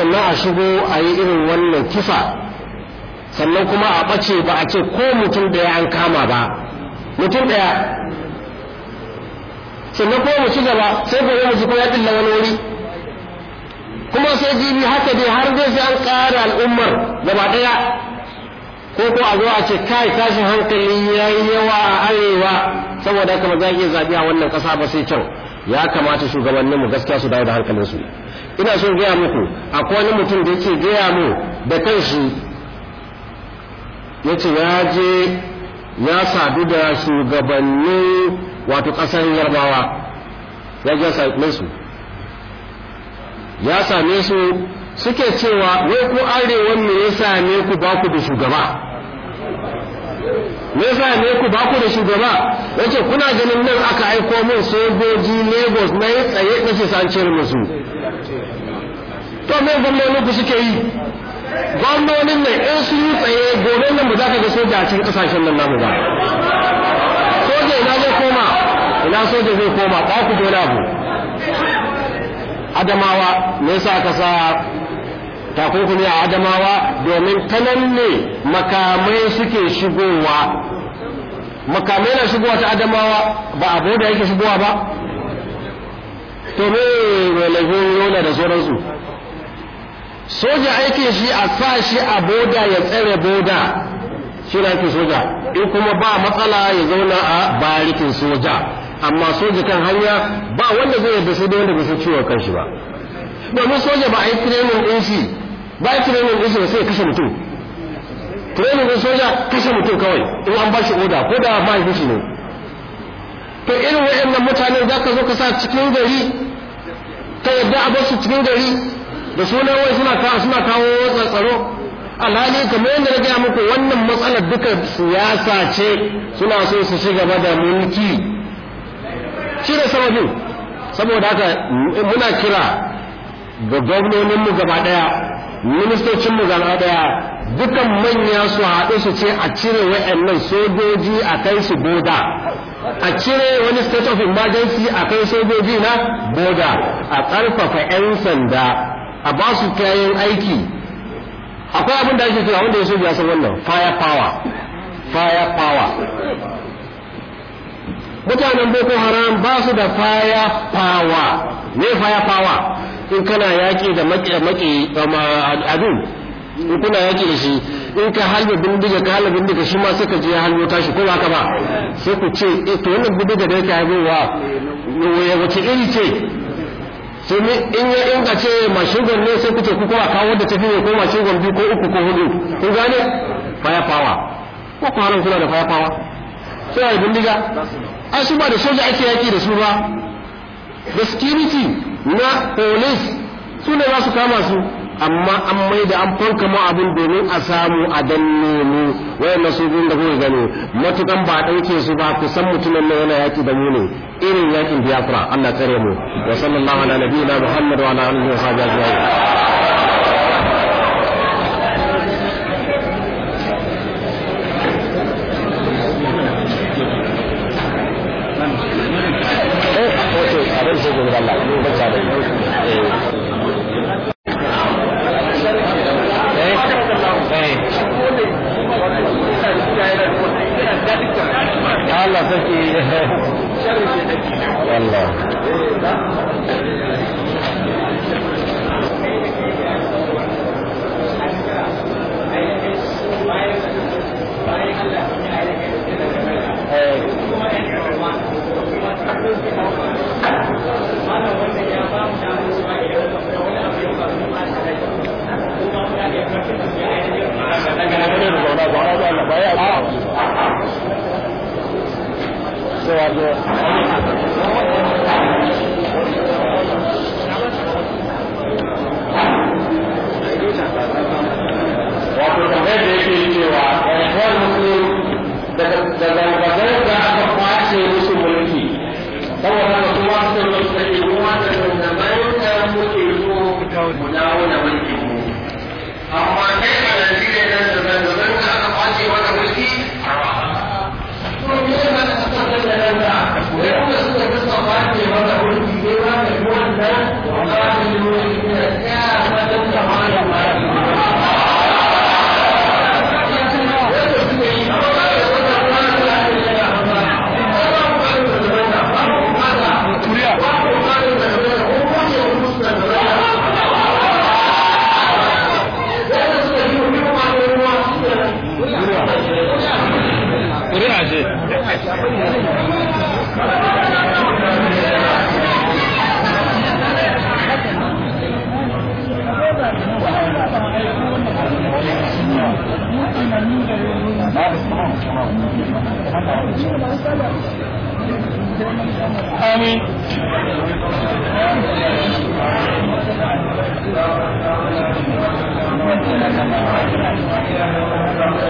sannan a shigo a yi irin wannan kisa sannan kuma a ɓace ba a ce ko mutum da ya an kama ba mutum ɗaya sannan ko mutum ci gaba sai gobe mu ko ya ɗilla wani wuri kuma sai jini haka dai har zai sai an ƙara al'ummar gaba ɗaya ko ko a zo a ce kai tashin hankali ya yi yawa a arewa saboda haka ba za a iya zaɓi a wannan ƙasa ba sai kyau ya kamata shugabanninmu gaskiya su dawo da hankalinsu ina so gaya muku akwai wani mutum da yake gaya mu da kanshi yace ya je ya sadu da shugabannin wato kasar yarbawa ya je same su ya same su suke cewa wai ku arewan me ya same ku ba ku da shugaba me yasa ne ku ba ku da shugaba yace kuna ganin nan aka aiko min sojoji Lagos na yi tsaye kace san cire musu to me gwamnonin ku suke yi gwamnonin ne in sun yi tsaye gobe nan ba za ka ga soja a cikin kasashen nan namu ba soja ina zai koma ina soja zai koma ba ku dole abu adamawa me yasa aka sa takunkumi a adamawa domin ta nan ne makamai suke shigowa makamai na shigowa ta adamawa ba a da yake shigowa ba to me laifin yola da sauransu soja aikin shi a sa shi a boda ya tsere boda shi na ake soja in kuma ba matsala ya zauna a barikin soja amma soja kan hanya ba wanda zai yarda sai dai wanda bai san ciwon kanshi ba domin soja ba a yi training ɗinsi ba yi training ɗinsi shi ba sai kashe mutum tirenin ɗin soja kashe mutum kawai in an ba shi oda ko da ba shi ne to irin waɗannan mutane za ka zo ka sa cikin gari ta yadda a basu cikin gari da sunan wai suna kawo suna kawo tsaro alhali kamar yadda na gaya muku wannan matsalar duka siyasa ce suna so su ci gaba da mulki shi da sababin saboda haka muna kira ga gwamnoninmu gaba daya ministocinmu gaba daya dukan manya su haɗu su ce a cire wa'annan sojoji a kai su boda a cire wani state of emergency a kai sojoji na boda a ƙarfafa 'yan sanda a ba su kayan aiki akwai abin da ake kira wanda ya soja san wannan fire power fire power mutanen boko haram ba su da fire power ne fire power in kana yaki da maki um, abin in kuna yaki da shi in ka halbe bindiga ka halbe bindiga shi ma sai ka je halbo tashi ko ba ka ba sai ku ce eh, to wannan bindiga da yake halbowa wace iri ce sai in ya inga ce mashigon ne sai kuce kuka kawo da tafi ne ko mashigon biyu ko uku ko hudu kun gane fayafawa ko kuma nan kula da fayafawa suna da bindiga ai su ba da soja ake yaki da su ba da security na police su ne za su kama su amma an mai da an fanka mu abin domin a samu a danne mu wayannan su da kuka gani matukan ba dauke su ba ku san mutumin nan yana yaki da mu ne irin yakin Biafra Allah tsare mu wa sallallahu ala nabiyina Muhammad wa ala alihi wa sahbihi ajma'in eh, آمين Thank you.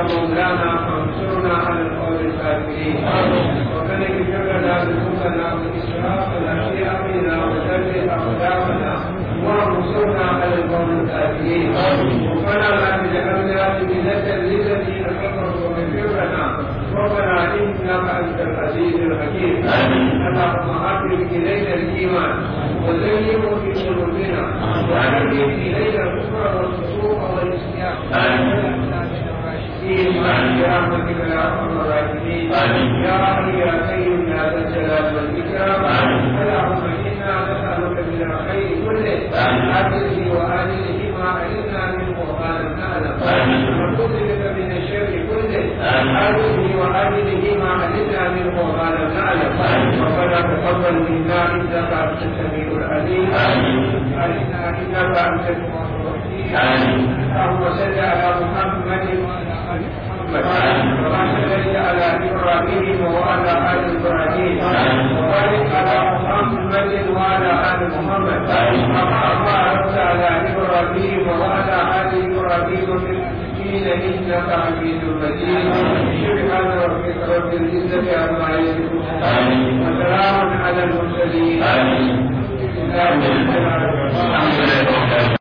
أنت مولانا فانصرنا على القوم الكافرين وكذلك كفنا انفسنا وإسرافنا في أمرنا وثبت أقدامنا وانصرنا على القوم الكافرين ربنا لا تجعلنا ملة للذين كفروا وكفر لنا ربنا انك انت العزيز الحكيم اللهم اقرب الينا الايمان وزينه في قلوبنا واعلم الينا الكفر والفسوق فيهم وعن يا ارحم الراحمين ذا الجلال والاكرام اللهم انا نسالك من الخير كله اجله واجله ما علمنا منه وما لم نعلم ونعوذ من الشر كله اجله واجله ما علمنا منه وما لم نعلم ربنا تقبل منا انك انت السميع العليم علمنا انك انت اللهم صل على محمد وعلى ال محمد كما صليت على ابراهيم وعلى ال ابراهيم وبارك على محمد وعلى ال محمد كما باركت على ابراهيم وعلى ال ابراهيم في العالمين انك حميد مجيد سبحان ربك رب العزه عما يصفون وسلام على المرسلين الحمد لله